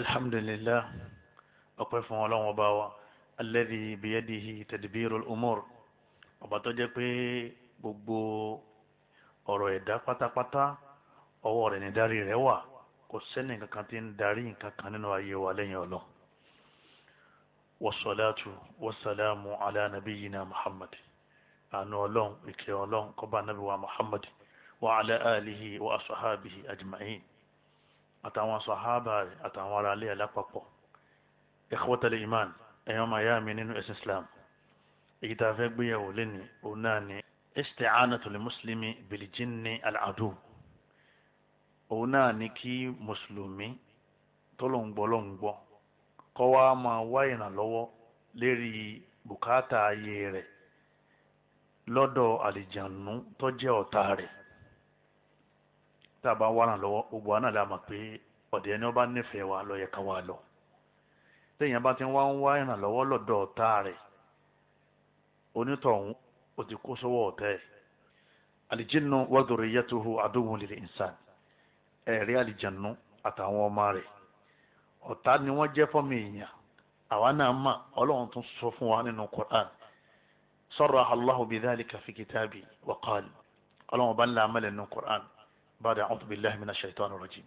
alhamdulillah ọpẹ́ fún Ọlọ́run ọba wa alladhi biyadihi tadbirul umur ọba tó jẹ́ pé gbogbo ọ̀rọ̀ ẹ̀dá pátápátá ọwọ́ rẹ̀ ní darí rẹ̀ wà kò sẹ́ni kankan tí ń darí nkankan nínú ayé wa lẹ́yìn Ọlọ́run wasalaatu wasalaamu ala nabiyina muhammad anu Ọlọ́run ìkẹ́ Ọlọ́run kọba nabi wa muhammad wa ala alihi wa asahabihi ajma'in àtàwọn sàhábà rẹ̀ àtàwọn ará ilé alápapọ̀ ikhwatal iman ẹ̀yàn máa yá mi nínú ẹ̀sìn islam èyí tá a fẹ́ gbéyàwó lẹ́nu òun náà ni isti'anatul muslimi bil jinni al'adu òun náà ni kí mùsùlùmí tọ́lọ̀ǹgbọ́ lọ́ǹgbọ́ kọ́ wa máa wá ìrànlọ́wọ́ lérí bùkátà ayé rẹ̀ lọ́dọ̀ àlìjànú tó jẹ́ ọ̀tá rẹ̀ tá a bá ń wárán lọ́wọ́ gbogbo wa náà la mọ̀ pé ọ̀dẹ̀ ẹni ọba nífẹ̀ẹ́ wa ló yẹ ká wá lọ téèyàn bá ti wá ń wá ìrànlọ́wọ́ lọ́dọ̀ ọ̀tá rẹ̀ onítọ̀hún ó ti kó sọ́wọ́ ọ̀tá ẹ̀ alìjínú wàdúrò yẹtuhu adóhùn lil insan ẹ̀rí alìjẹ̀nu àtàwọn ọmọ rẹ̀ ọ̀tá ni wọ́n jẹ́ fọ́mì èèyàn àwa náà mà ọlọ́run tún sọ fún wa nínú Qur'an sarraha Allahu bidhalika fi kitabi wa qala ọlọ́run bá ń la amẹ́lẹ̀ nínú Qur'an bàdà a'udhu billahi minash shaitani rajim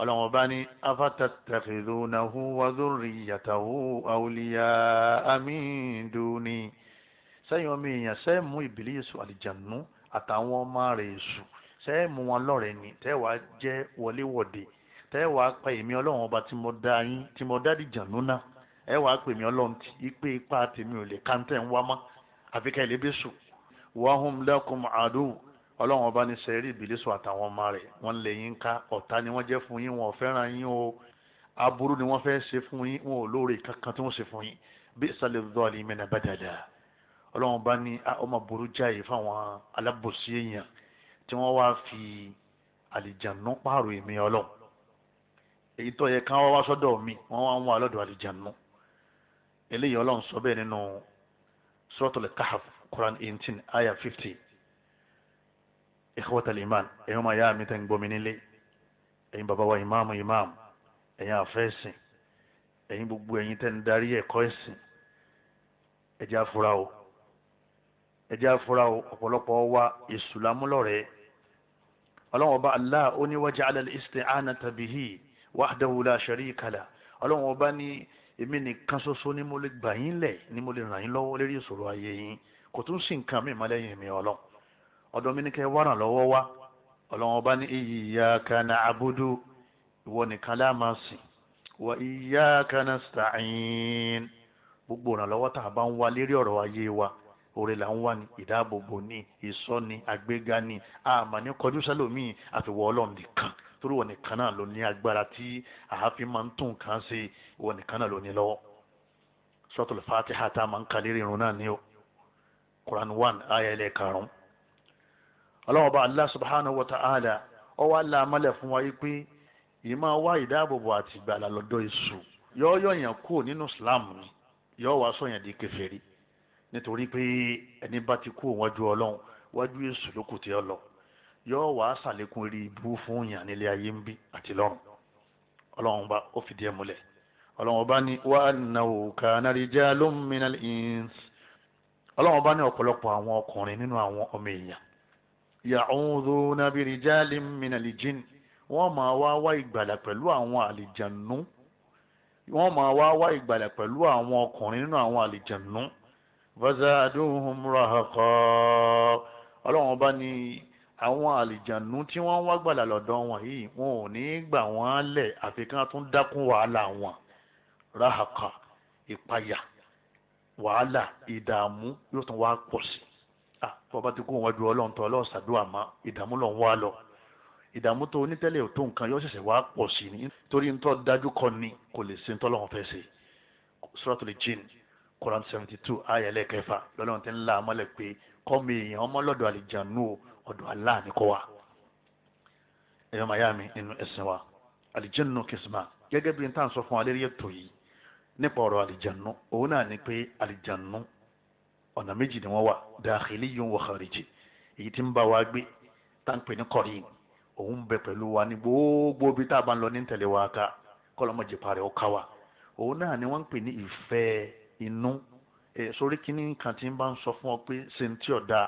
ọlọ́run ọba ní afatattakhidunahu wa dhurriyyatahu awliya'a min duni sẹ́yìn ọmọ èèyàn sẹ́ẹ̀mú ìbílísù àlìjànú àtàwọn ọmọ rẹ̀ èṣù sẹ́ẹ̀mú wọn lọ́rẹ̀ ni tẹ́wàá jẹ́ wọléwọ̀de tẹ́wàá pa èmi ọlọ́run ọba tí mo dá yín tí mo dá dìjànú náà ẹ wàá pè mí ọlọ́run tí ipe ipa tèmi ò lè káńtẹ̀ ń wá mọ́ àfikẹ́ ilé bẹ́sù wahum lakum aduw ọlọ́run ọba ní sẹ́rí ìbílísọ̀ àtàwọn ọmọ rẹ̀ wọ́n lè yín ká ọ̀tá ni wọ́n jẹ́ fún yín wọn ò fẹ́ràn yín o aburú ni wọ́n fẹ́ ṣe fún yín wọn ò lóore kankan tí wọ́n ṣe fún yín bí ìsàlẹ̀ dọ́ọ̀lì mẹ́nà bá dáadáa ọlọ́run bá ní ọmọ burú jáì fáwọn alábòsí èèyàn tí wọ́n wá fi àlìjànú pààrọ̀ èmi ọlọ́run èyí tó yẹ káwọn wá sọ́dọ̀ mi wọ́n wá ń wá lọ́dọ̀ àlìjànú eléyìí ọlọ́run sọ bẹ́ẹ̀ nínú suratul Kahf Quran eighteen ayah fifty ikhwatal iman ẹ̀yin ọmọ ayá mi tẹ́ ń gbọ́ mi nílé ẹ̀yin bàbá wa ìmáàmù ìmáàmù ẹ̀yin àfẹ́sìn ẹ̀yin gbogbo ẹ̀yin tẹ́ ń darí ẹ̀kọ́ ẹ̀sìn ẹ̀jẹ̀ àfúrá o ẹ̀jẹ̀ àfúrá o ọ̀pọ̀lọpọ̀ wa ìsùlámúlọ̀rẹ́ ọlọ́run ọba allah ó ní wa ja'ala al-isti'anata bihi wahdahu la sharika lah ní èmi nìkan ṣoṣo ni mo lè gbà yín lẹ̀ ni mo lè ràn yín lọ́wọ́ lérí ìṣòro ayé yín kò tún sí nǹkan mi lẹ́yìn mi ọlọ́run ọ̀dọ̀ mi ní kẹ́ wá ràn lọ́wọ́ wá ọlọ́wọ́n bá ní iyyaka na'budu ìwọ nìkan la máa sìn wa iyyaka nasta'in gbogbo ìrànlọ́wọ́ tá a bá ń wá lérí ọ̀rọ̀ ayé wa oore là ń wá ní ìdáàbòbò ní ìsọ́ni àgbéga ní àmà ní kọjú sẹ́lòmíì àfiwọ́ ọlọ́run nìkan torí wọn nìkan náà ló ní agbára tí àáfin máa ń tún nǹkan ṣe wọn nìkan náà ló ní lọ́wọ́ suratul Fatiha tá a máa ń ka lérí náà ní o Quran one ayẹlẹ karùn-ún ọlọ́wọ́n bá allah subhanahu wa ta'ala ọ wá la amálẹ̀ fún wa yí pé yìí máa wá ìdáàbòbò àti ìgbàlà lọ́dọ̀ èṣù yọ yọ̀yàn kúrò nínú islam ni yọ wá sọ̀yàn di kèfèrí nítorí pé ẹni bá ti kú wájú ọlọ́run wájú èṣù ló kù tí ọ lọ yọ wá sàlékún rí ibú fún yàn nílé ayé ń bí àti lọ́run ọlọ́run bá ó fìdí ẹ̀ múlẹ̀ ọlọ́run bá ní wa annahu kana rijalun minal ins ọlọ́run bá ní ọ̀pọ̀lọpọ̀ àwọn ọkùnrin nínú àwọn ọmọ èèyàn ya'udhuna bi rijalin minal jinn wọ́n máa wá wá ìgbàlà pẹ̀lú àwọn àlìjànú wọ́n máa wá wá ìgbàlà pẹ̀lú àwọn ọkùnrin nínú àwọn àlìjànú fazaduhum rahaqa ọlọ́run ọba ni àwọn àlìjànú tí wọ́n wá gbàlà lọ́dọ̀ wọn yìí wọn ò ní gbà wọ́n lẹ̀ àfi kí wọ́n tún dákún wàhálà wọn rahaqa ìpayà wàhálà ìdààmú yóò tún wá pọ̀ sí ah tó o bá ti kó wọn ju ọlọ́run tó ọlọ́run ṣàdúrà mọ́ ìdààmú lọ́n wá lọ ìdààmú tó onítẹ̀lẹ̀ tó nǹkan yóò ṣẹ̀ṣẹ̀ wá pọ̀ sí ni torí ntọ́ dájú kọ ni kò lè ṣe ntọ́ lọ́wọ́n fẹ́ ṣe suratul jin Quran seventy two ayẹ lẹ́kẹfà lọ́lọ́run ti ń la amọ́lẹ̀ pé kọ́mi èèyàn ọmọ lọ́dọ̀ àlìjánu ọ̀dọ̀ Allah ni kó wà ẹ̀yọ́ mayami nínú ẹ̀sìn wa àlìjánu kìsìmá gẹ́gẹ́ ọ̀nà méjì ni wọ́n wà dàkìlíyun wa khariji èyí tí ń bá wa gbé táǹpẹ̀ ní kọ̀rin òun bẹ pẹ̀lú wa ní gbogbo bí tá a bá ń lọ ní tẹ̀lé wa ká kọ́lọ́mọ̀jì parẹ́ ọ̀ka wa òun náà ni wọ́n ń pè ní ìfẹ́ inú ẹ̀ sórí kínní kan tí ń bá ń sọ fún ọ pé ṣe ń tí ọ̀dà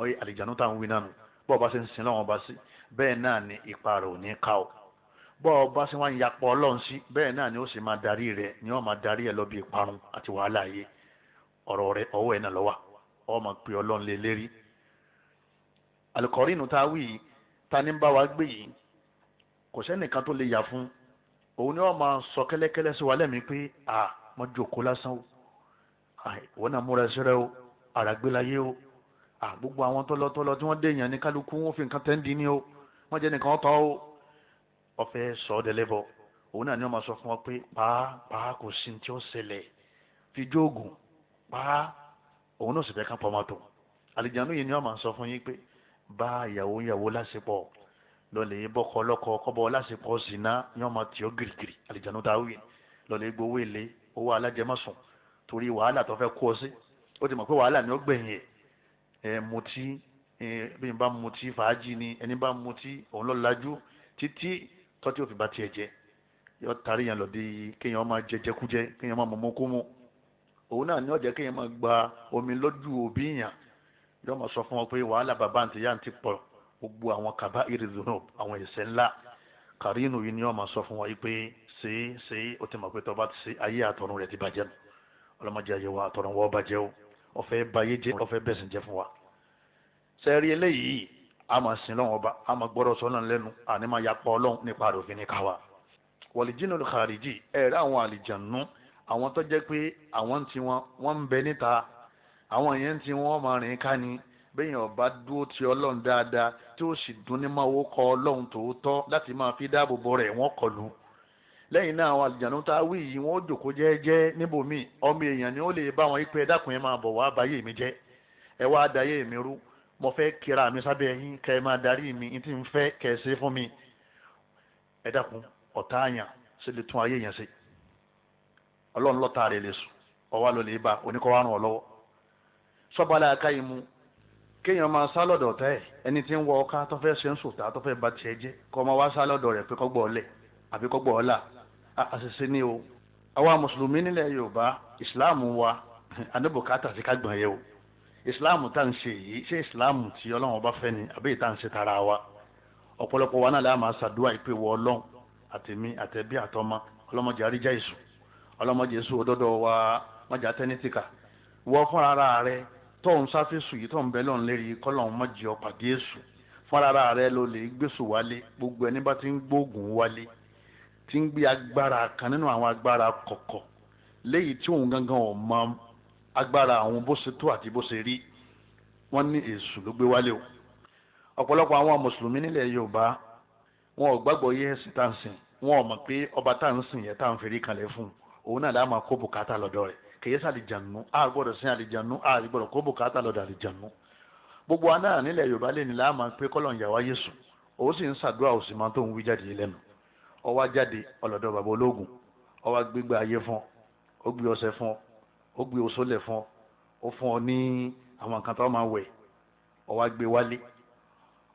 ọyẹ àlìjánu tá à ń wí náà nù bọ́ ọba ṣe ń sin lọ́wọ́n ọba sí bẹ́ẹ̀ náà ni ipa rẹ̀ ò ní ká o bọ́ ọba ṣe wá ń yapọ̀ ọlọ́run sí bẹ́ẹ̀ náà ni ó sì máa darí rẹ̀ ni ó máa darí ẹ̀ lọ bí ìparun àti wàhálà yìí ọ̀rọ̀ rẹ ọwọ́ ẹ̀ náà lọ́wọ́ ọmọ pé ọlọ́run lè lérí alukọ̀rínù tá a wí yìí ta ni ń bá wa gbé yìí kò sẹ́nìkan tó lè yà fún òun ni wọ́n máa sọ kẹ́lẹ́kẹ́lẹ́ sí wa lẹ́mìí pé à mọ́ jòkó lásán o ìwọ náà múra ẹsẹ̀ rẹ o àràgbélayé o à gbogbo àwọn tọ́lọ́tọ́lọ́ tí wọ́n dèèyàn ní kálukú wọn fi nǹkan tẹ́ǹdì ní o wọ́n jẹ́ nìkan tọ́ o ọ̀fẹ́ sọ ọ́ dẹ́lẹ́bọ̀ òun náà ni wọ́n máa sọ fún wọn pé pàápàá kò sí ní tí ó ṣẹlẹ̀ fi jóògùn pa á òun náà sì fẹ́ kán pọ́nmọ́tò àlìjánu yìí ni wọ́n máa sọ fún yín pé bá ìyàwó ìyàwó láṣepọ̀ lọ́lẹ̀ bọ́kọ ọlọ́kọ kọ́bọ̀ láṣepọ̀ zina ni wọ́n máa tì ọ́ gìrìgìrì àlìjánu tá a wí lọ́lẹ̀ gbowó èlé owó alájẹmọ́sùn torí wàhálà tó fẹ́ kú ọ sí ó ti mọ̀ pé wàhálà ni ó gbẹ̀yìn ẹ̀ ẹ̀ mutí bí n bá mutí fàájì ni ẹni bá mutí òun lọ lajú títí tọ́tí òfin bá tiẹ̀ jẹ yọ tari yẹn lọ òun náà ni ó jẹ́ kéèyàn máa gba omi lójú òbí yàn yóò máa sọ fún wọn pé wàhálà bàbá àǹtí yá àǹtí pọ̀ gbogbo àwọn kaba irizunu àwọn ẹ̀ṣẹ̀ ńlá kàrínù yìí ni yóò máa sọ fún wọn pé ṣe é ṣe é ó ti mọ̀ pé tọ́ba ti ṣe ayé àtọ̀run rẹ̀ ti bàjẹ́ nù ọlọ́mọdé ayé wa àtọ̀run wọ́n o ọ̀fẹ́ bayé jẹ́ ọ̀fẹ́ bẹ̀sìn jẹ́ fún wa sẹ́ẹ̀rí eléyìí a máa sin lọ́wọ́ ọba a máa gbọ́dọ̀ sọ náà lẹ́nu àní máa yapa ọlọ́run nípa àdòfin ní káwa wọ̀lìjínú kàríjì ẹ̀rẹ́ àwọn àlìjànú àwọn tó jẹ́ pé àwọn tí wọn wọ́n ń bẹ níta àwọn yẹn tí wọ́n máa rìn ká ni bẹ́yìn ọba dúró ti ọlọ́run dáadáa tí ó sì dún ní máa wó kọ ọlọ́run tòótọ́ láti máa fi dáàbò bo rẹ̀ wọ́n kọlù lẹ́yìn náà àwọn àlùjánu tá a wí yìí wọ́n jòkó jẹ́ẹ́jẹ́ níbòmíì ọmọ èèyàn ni ó lè bá wọn ipe ẹ̀dákùn yẹn máa bọ̀ wá báyé mi jẹ́ ẹ wá dayé mi rú mo fẹ́ kíra mi sábẹ́ yín kẹ́ ẹ máa darí mi n tí ń fẹ́ kẹ́ ẹ ṣe fún mi ẹ̀dákùn ọ̀tá àyàn ṣe lè tún ayé yẹn ṣe ọlọ́run lọ́ta rẹ̀ lè sùn ọwá ló lè bá oníkọ́wárùn ọlọ́wọ́ sọ́balà akáyìí mu kéèyàn máa sá lọ́dọ̀ ọ̀tá ẹ̀ ẹni tí ń wọ ọká tó fẹ́ ṣe ń sòtá tó fẹ́ ba tiẹ̀ jẹ́ kọ́ máa wá sá lọ́dọ̀ rẹ̀ pé kọ́gbọ̀ ọ̀lẹ̀ àbí kọ́gbọ̀ ọ̀la àṣìṣe ni o àwa mùsùlùmí nílẹ̀ yorùbá ìsìláàmù wa anábòkátà sí kágbọ̀n yẹ o ìsìláàmù tá à ń ṣe yìí ṣé ìsìláàmù tí ọlọ́run bá fẹ́ ni àbí ìta ń ṣe tara wa ọ̀pọ̀lọpọ̀ wa náà láà máa ṣàdúrà ìpè wọ ọlọ́run àtèmi àtẹ̀bí àtọmọ ọlọ́mọdé àríjà ìsùn ọlọmọdé sùn ọdọdọ wa mọ̀jà tẹ́nítìkà wọ fúnra rẹ tọ́hún sáfẹ́sù yìí tọ́hún bẹ́ẹ̀ lọ́n lérí kọ́lọ́hún mọ̀jì ọ̀pàdé èṣù fúnra rẹ ló lè gbèsò wálé gbogbo ẹni bá ti ń gbóògùn wálé ti ń gbé agbára kan nínú àwọn agbára kọkọ léyìí tí òun gangan ò mọ agbára àwọn bó àti bó ṣe ní ló o ọ̀pọ̀lọpọ̀ àwọn mùsùlùmí yorùbá òun náà láàmà kó bùkátà lọ́dọ̀ rẹ̀ kèyí sàlìjànú a gbọ́dọ̀ sin àlìjànú a gbọ́dọ̀ kó bùkátà lọ́dọ̀ àlìjànú gbogbo aná nílẹ̀ yorùbá lè ní láàmà pé kọ́lọ̀ ìyàwó yéṣu òun sì ń sàdúrà òsì máa tó ń wí jáde lẹ́nu ó wá jáde ọlọ́dọ̀ bàbá ológun ó wá gbégbá ayé fún ó gbé ọṣẹ fún ó gbé oṣólẹ̀ fún ó fún ọ ní àwọn nǹkan tó máa wẹ̀ ó wá gbé wálé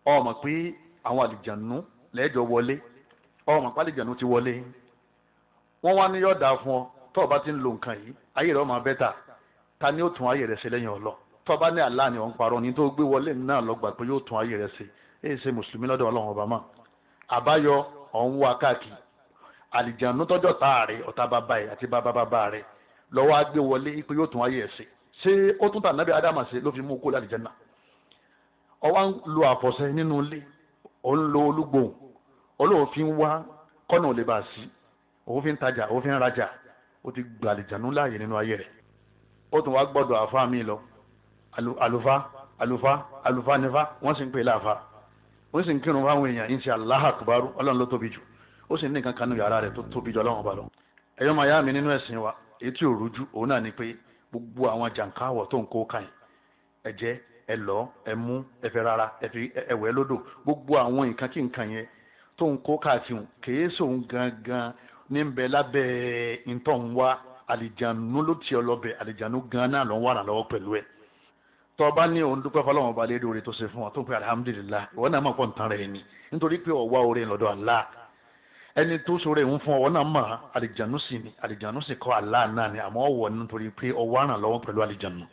ó mọ̀ pé àwọn àlìjànú lẹ́jọ́ wọlé ó mọ̀ pé àlìjànú ti wọlé wọ́n wá ní yọ̀ dà fún ọ tó o bá ti ń lo nǹkan yìí ayé rẹ̀ ọmọ bẹ́tà ta ni ó tún ayé rẹ̀ ṣe lẹ́yìn ọlọ́ tó o bá ní Allah ni ò ń parọ́ ni tó gbé wọlé náà lọ gbà pé yóò tún ayé rẹ̀ ṣe é ṣe mùsùlùmí lọ́dọ̀ ọlọ́run ọba mọ́ àbáyọ ọ̀hún wá káàkiri àlìjànú tọ́jọ́ tá a ọ̀tá bàbá yìí àti bàbá bàbá rẹ̀ lọ́wọ́ á wọlé pé yóò tún ayé ẹ̀ ṣe ṣé ó tún tànàbí ádámà ṣe ló òun fi ń tajà òun fi ń rajà ó ti gba àlìjánu láàyè nínú ayé rẹ̀ ó tún wá gbọ́dọ̀ àfa mi lọ àlùfá àlùfá àlùfá nífá wọ́n sì ń pè é láàfa ó sì ń kírun fáwọn èèyàn ń ṣe Allahu akbar ọlọ́run ló tóbi jù ó sì ní nǹkan kanú yàrá rẹ̀ tó tóbi jù ọlọ́run ọba lọ. ẹ̀yọ́ màyá mi nínú ẹ̀sìn wa etí òrujú òun náà ni pé gbogbo àwọn jàǹkáwọ̀ tó ń kó kàn ẹ̀jẹ̀ ẹ̀lọ́ ẹ̀mú ẹ̀fẹ̀ rárá ẹ̀wẹ̀ lódò gbogbo àwọn nǹkan kí nǹkan yẹn tó ń kó káàkiri kèé sóun gangan ní ń bẹ lábẹ́ ntọ́ ń alijanu àlìjánu ló tiẹ̀ lọ́bẹ̀ àlìjánu gan-an ló ń wà lọ́wọ́ pẹ̀lú ẹ̀ tọ́ba ní òun dúpẹ́ fọlọ́wọn balẹ̀ lórí tó ṣe fún wa tó ń pẹ́ alihamudulilayi ìwọ náà máa pọ̀ ntàn rẹ̀ ni nítorí pé ọ̀wá orin lọ́dọ̀ Allah ẹni tó sọ̀rọ̀ ìhun fún ọwọ́ náà mọ̀ alijanu sì ni àlìjánu sì kọ́ Allah náà ni àmọ́ ọ̀wọ́ nítorí pé ọwọ́ àràn lọ́wọ́ pẹ̀lú alijanu.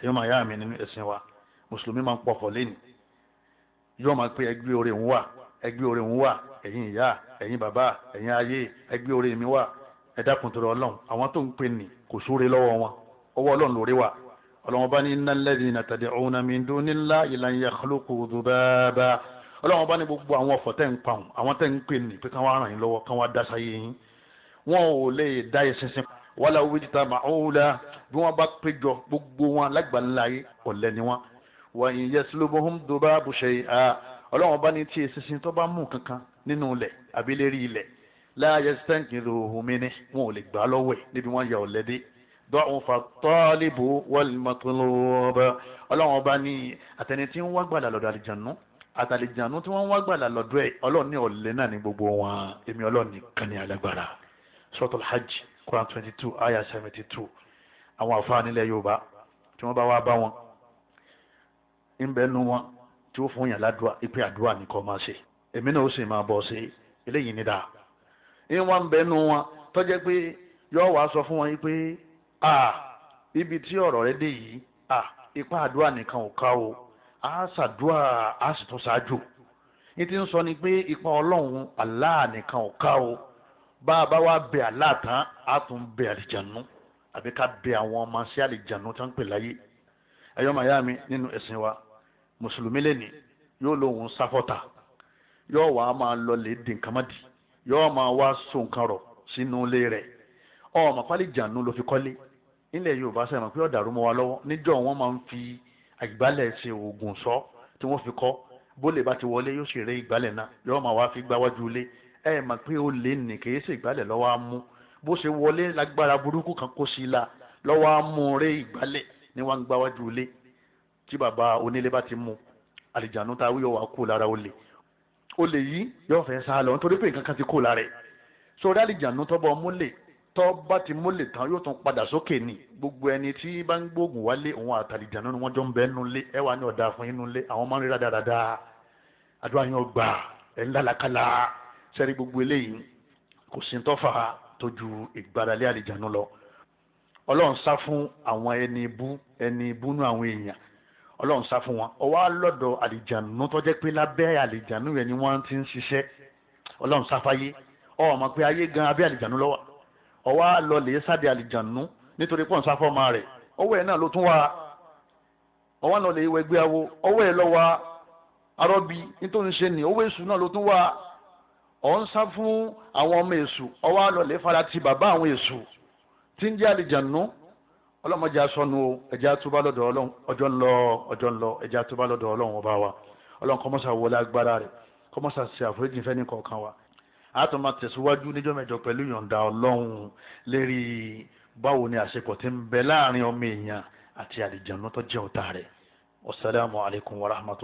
ẹ̀yọ́ máa yá mi nínú ẹ̀sìn wa mùsùlùmí máa ń pọ̀fọ̀ lẹ́nu yóò máa pé ẹgbẹ́ orin wa ẹgbẹ́ orin wa ẹ̀yin ìyá ẹ̀yin bàbá ẹ̀yin ayé ẹgbẹ́ orí mi wà ẹ dákun torí ọlọ́run àwọn tó ń pè ní kò súre lọ́wọ́ wọn ọwọ́ ọlọ́run lórí wa ọlọ́run bá ní innal ladhina tad'una min dunillahi lan yakhluqu dhubaba ọlọ́run bá ní gbogbo àwọn ọ̀fọ̀ tẹ́ ń pa wọn àwọn tẹ́ ń pè ní pé káwọn aràn yín lọ́wọ́ káwọn adásá yín wọn ò lè dá yẹ sísìn wala ijtama'ula bí wọ́n bá péjọ gbogbo wọn lágbàńlá yé ọ̀lẹ wọn wa ọlọ́run bá ní tí eṣinṣin tó bá mú kankan nínú ilẹ̀ àbí lérí ilẹ̀ láàyè sẹ́ǹkì ròhùnmí ni wọn ò lè gbà lọ́wọ́ ẹ̀ níbi wọ́n ya ọ̀lẹ́dẹ́ dọ́hùn fatọ́lìbù wọ́lìmọ́tòlóòbá ọlọ́run bá ní àtẹni tí ń wá gbàlà lọ́dọ̀ àlìjànú àtàlìjànú tí wọ́n ń wá gbàlà lọ́dọ̀ ẹ̀ ọlọ́run ní ọ̀lẹ́ náà ní gbogbo wọn èmi ọlọ́run nìkan ní alágbára suratul hajj quran twenty two ayah seventy two àwọn àfáà nílẹ̀ yorùbá tí wọ́n bá wá bá wọn ń bẹ́ẹ̀ nu wọn tí ó fún yàn ládùá ipe àdúrà nìkan máa ṣe èmi náà ó sì máa bọ̀ ṣe eléyìí ní dáa ìyẹn wá ń bẹ nu wọn tọ́jẹ́ pé yọ wàá sọ fún wọn yìí pé a ibi tí ọ̀rọ̀ rẹ dé yìí a ipa àdúrà nìkan ò ká o a ṣàdúrà a sì tún ṣáájú ní ti ń sọ ni pé ipa ọlọ́run Allah nìkan ò ká o bá a bá wá bẹ Allah tán a tún bẹ àlìjànú àbí ká bẹ àwọn ọmọ sí àlìjànú tó pè láyé ẹ̀yọ́ màyá mi nínú ẹ̀sìn wa mùsùlùmí lẹ́ni yóò lóun sáfọ́tà yóò wá máa lọlé dìǹkàmádì yóò máa wá so nǹkan rọ̀ sínú ilé rẹ̀ ọmọ pálí jànú ló fi kọ́lé nílẹ̀ yorùbá sẹ́yìn pé ọ̀dàrú mọ́ wa lọ́wọ́ níjọ́ wọn máa ń fi àgbálẹ̀ ṣe oògùn sọ tí wọ́n fi kọ́ bólè bá ti wọlé yóò ṣeré ìgbálẹ̀ náà yóò máa wá fi gbáwájú ilé ẹ mọ̀ pé ó lè nì kì í ṣe ìgbálẹ̀ lọ́wọ́ á mú bó ṣe wọlé lágbára burúkú kan kó sí i la lọ́wọ́ á mú ré ìgbálẹ̀ ni wọ́n gbáwájú ilé tí bàbá onílé bá ti mú àlìjànú ta wíyọ wà kú lára olè olè yìí yóò fẹ́ sá lọ nítorí pé nǹkan kan ti kú lára ẹ̀ sórí àlìjànú tọ́bọ̀ múlẹ̀ tọ́ bá ti múlẹ̀ tán yóò tún padà sókè ní gbogbo ẹni tí bá ń gbóògùn wálé òun àtàlìjànú ni wọ́n jọ ń bẹ nínú ilé ẹ wà ní ọ̀dà fún inú ilé àwọn máa ń rí dáadáa àdúrà yín ọgbà ẹ̀ ń lálàkàlà sẹ́rí gbogbo eléyìí kò sí tọ́fà tójú ìgbàdàlẹ́ àlìjànú lọ ọlọ́run sá fún àwọn ẹni ibú ẹni ibú nú àwọn èèyàn ọlọ́run sá fún wọn ọwọ́ alọ́dọ̀ àlìjànú tó jẹ́ pé lábẹ́ àlìjànú yẹn ni wọ́n ti ń ṣiṣẹ́ ọlọ́run sá fáyé ọwọ́ mọ̀ pé ayé gan abẹ́ àlìjànú lọ́wọ́ ọwọ́ alọ́lẹ̀ sáde àlìjànú nítorí pọ́n sá fọ́ọ́mà rẹ̀ ọwọ́ ẹ̀ náà ló tún wá ọwọ́ alọ́lẹ̀ ìwẹ̀ gbé awo ọwọ́ ẹ̀ lọ́wọ́ arọ́bí nítorí ṣe ni owó èṣù náà ló tún wá ọ̀ ń sá fún àwọn ọmọ èṣù ọwọ́ alọ́lẹ̀ farati bàbá àwọn èṣù tí ń jẹ́ àlìjànú ọlọ́mọdé asọ́nu o ẹ̀jẹ̀ àtúbà lọ́dọ̀ ọlọ́run ọjọ́ ń lọ ọjọ́ ń lọ ẹ̀jẹ̀ àtúbà lọ́dọ̀ ọlọ́run ọba wa ọlọ́run kọ́mọ́sà wọlé agbára rẹ̀ kọ́mọ́sà ṣe àforíjì fẹ́ni kọ̀ọ̀kan wa àtúmọ̀ tẹ̀síwájú níjọ́ mẹ́jọ pẹ̀lú yọ̀ǹda ọlọ́run lérí báwo ni àṣepọ̀ ti ń bẹ láàrin ọmọ èèyàn àti àlìjànú